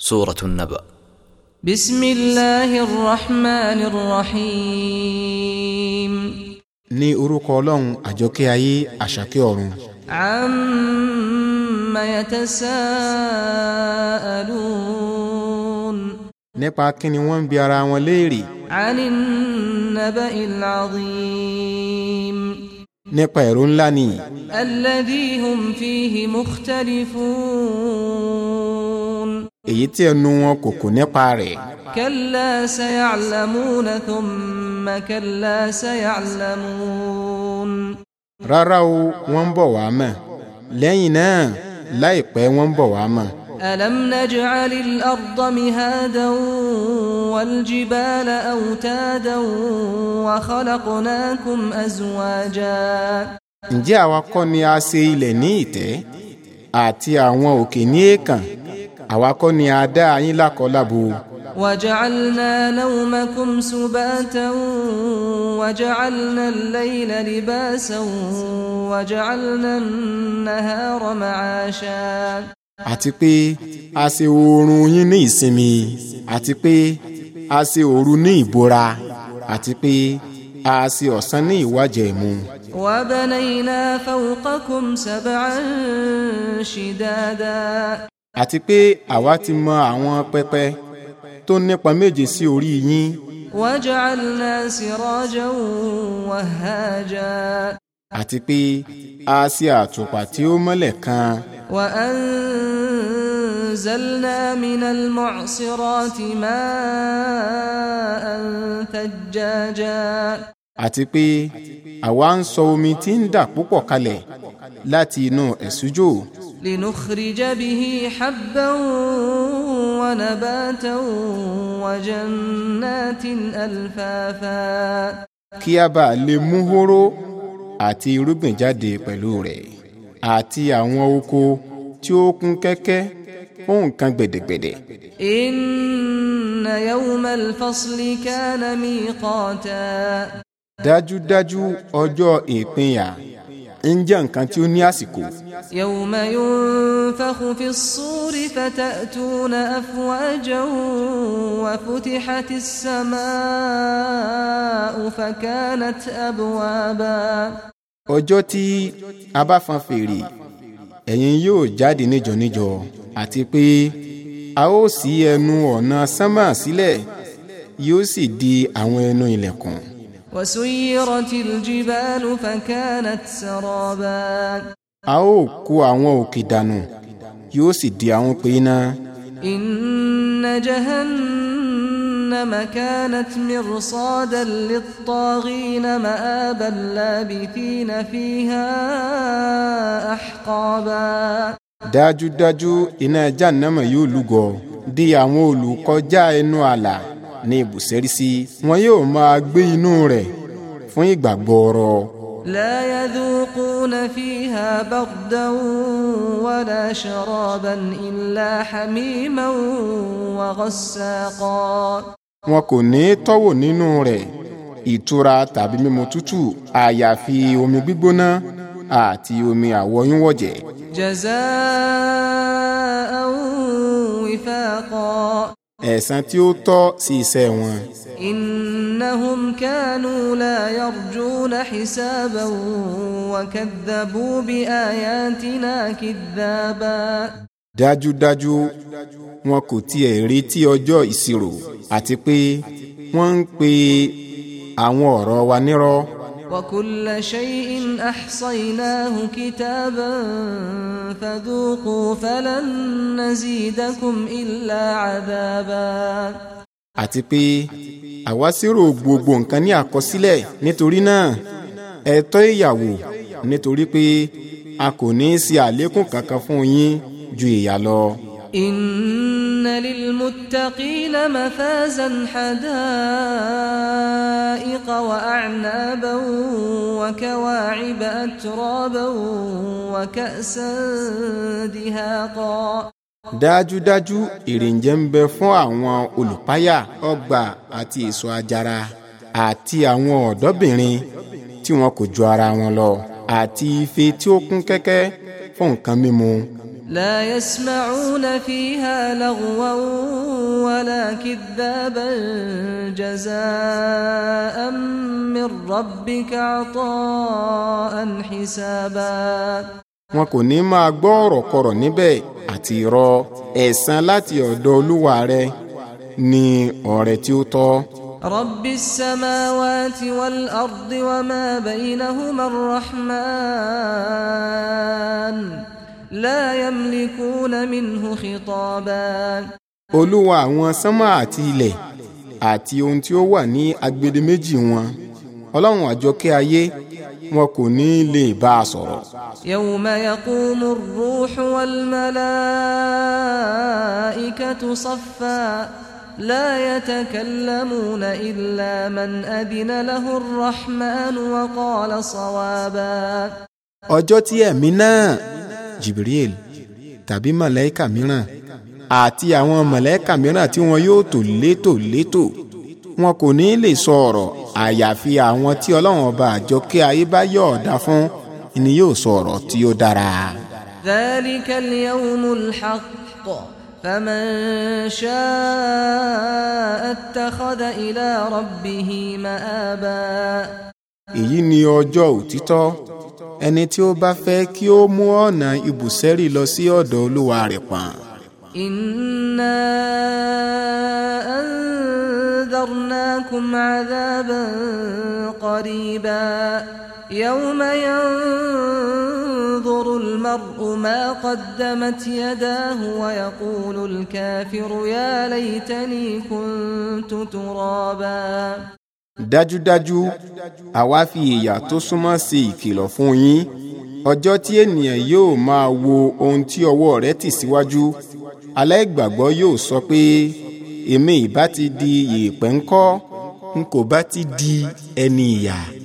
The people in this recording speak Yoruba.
سورة النبأ بسم الله الرحمن الرحيم ní orúkọ ọlọ́run àjọkẹ́ ayé àṣàkẹ́ ọ̀run. amma yatasaalun. nípa kí ni wọ́n ń bi ara wọn léèrè. anin naba'il azim. nípa ẹ̀rọ ńlá ni. alladhi hum fihi mukhtalifun èyí tí ẹnu wọn kò kò nípa rẹ̀. kalla saya'lamuna thumma kalla saya'lamun. rárá o wọ́n ń bọ̀ wá mọ̀ lẹ́yìn náà láìpẹ́ wọ́n ń bọ̀ wá mọ̀. alam naj'alil arda mihadan wal jibala awtadan wa khalaqnakum azwaja. ǹjẹ́ àwa kọ́ ni a àwa kọ́ ni a dá yín lákọ̀ lábo. وجعلنا نومكم سباتا وجعلنا الليل لباسا وجعلنا النهار معاشا àti pé a ṣe oorun yín ní ìsinmi àti pé a ṣe òru ní ìbora àti pé a ṣe ọ̀sán ní ìwájẹ̀ mu. وبنينا فوقكم سبعا شدادا àti pé àwa ti mọ àwọn pẹpẹ tó nípa méje sí orí yín. waj'alna sirajan wahhaja. àti pé a ṣe àtùpà tí ó mọ́lẹ̀ kan. wa anzalna minal mu'sirati ma'an thajjaja. àti pé àwa ń sọ omi tí ń dà púpọ̀ kalẹ̀ láti inú ẹ̀sùjò. لنخرج به حبا ونباتا وجنات ألفافا kí a bá lè mú hóró àti irúgbìn jáde pẹ̀lú rẹ̀ àti àwọn oko tí ó kún kẹ́kẹ́ fún nǹkan gbẹ̀dẹ̀gbẹ̀dẹ̀. inna yawmal fasli kana miqata. dájúdájú ọjọ́ ìpínyà ń jẹ́ nǹkan tí ó ní àsìkò. yawma yunfakhu fi ssuri fatatuna afwajan wa futihati as-samau fakanat abwaba. ọjọ́ tí a bá fan fèrè ẹ̀yin yóò jáde níjọ níjọ àti pé a ó ṣí ẹnu ọ̀nà sánmà sílẹ̀ yóò sì di àwọn ẹnu ilẹ̀kùn. وسيرت الجبال فكانت سرابا a ó kó àwọn òkè dànù yóò sì di àwọn pínnà. inna jahannama kanat mirsadan lit-taghina ma'aban labithina fiha ahqaba. dájúdájú iná jahannama yóò lúgọ di àwọn olùkọjá ẹnu àlà ní ibùsẹ̀rí sí. wọn yóò máa gbé inú rẹ̀ fún ìgbà gbọọrọ. لا يذوقون فيها بردا ولا شرابا إلا حميما وغساقا wọn kò ní tọ́wò nínú rẹ̀ ìtura tàbí mímu tútù àyàfi omi gbígbóná àti omi àwọyúnwọ̀jẹ̀. jazaa. ẹ̀san tí ó tọ́ sí iṣẹ́ wọn. innahum kanu la yarjuna hisaban wa kadhabu bi ayatina kidhaba. dájúdájú wọn kò tiẹ̀ retí ọjọ́ ìṣirò àti pé wọ́n ń pe àwọn ọ̀rọ̀ wa nírọ́. وكل شيء أحصيناه كتابا فذوقوا فلن نزيدكم إلا عذابا àti pé àwa gbogbo nǹkan ní àkọsílẹ̀ nítorí náà ẹ tọ́ ìyàwó nítorí pé a kò ní í ṣe àlékún kankan fún yín ju ìyà lọ. إن للمتقين مفازا حدائق وأعنابا وكواعب أترابا وكأسا دهاقا dájúdájú ìrìnjẹ ń bẹ fún àwọn olùpáyà ọgbà àti èso àjàrà àti àwọn ọ̀dọ́bìnrin tí wọn kò ju ara wọn lọ àti ife tí ó kún kẹ́kẹ́ fún nǹkan mímu لا يسمعون فيها لغوا ولا كذابا جزاء من ربك عطاء حسابا wọn kò ní máa gbọ́ ọ̀rọ̀kọ̀rọ̀ níbẹ̀ àti irọ́ ẹ̀san láti ọ̀dọ̀ olúwa rẹ ni ọ̀rẹ́ tí ó tọ́. رب السماوات والأرض وما بينهما الرحمن la yamlikuna minhu khitaban. olúwa àwọn sánmà àti ilẹ̀ àti ohun tí ó wà ní agbede méjì wọn ọlọ́run àjọkẹ́ ayé wọn kò ní í lè bá a sọ̀rọ̀. yawma yaqumu rruhu wal malaikatu saffa la yatakallamuna illa man adina lahu rrahman wa qala sawaba. ọjọ́ tí ẹ̀mí náà jibril tàbí màláíkà mìíràn àti àwọn màláíkà mìíràn tí wọn yóò tò létò létò wọn kò ní lè sọ ọ̀rọ̀ àyàfi àwọn tí ọlọ́run ọba àjọkẹ́ ayé bá yọ̀ọ̀dá fún ni yóò sọ ọ̀rọ̀ tí ó dára. ذلك اليوم الحق فمن شاء اتخذ إلى ربه مآبا. èyí ni ọjọ́ òtítọ́ ẹni tí ó bá fẹ́ kí ó mú ọ̀nà ibùsẹ́rì lọ sí ọ̀dọ̀ olúwa rẹ̀ pọ̀n. inna anzarnakum azaban qariba yawma yanzuru almar'u ma qaddamat yadahu wa yaqulu alkafiru ya laytani tuntun rọ́ọ̀bá. dájúdájú àwa fi ìyà tó súnmọ́ ṣe ìkìlọ̀ fún yín ọjọ́ tí ènìyàn yóò máa wo ohun tí ọwọ́ rẹ̀ tì síwájú aláìgbàgbọ́ yóò sọ pé èmi ìbá ti di yèèpẹ̀ ńkọ́ n kò bá ti di ẹni ìyà.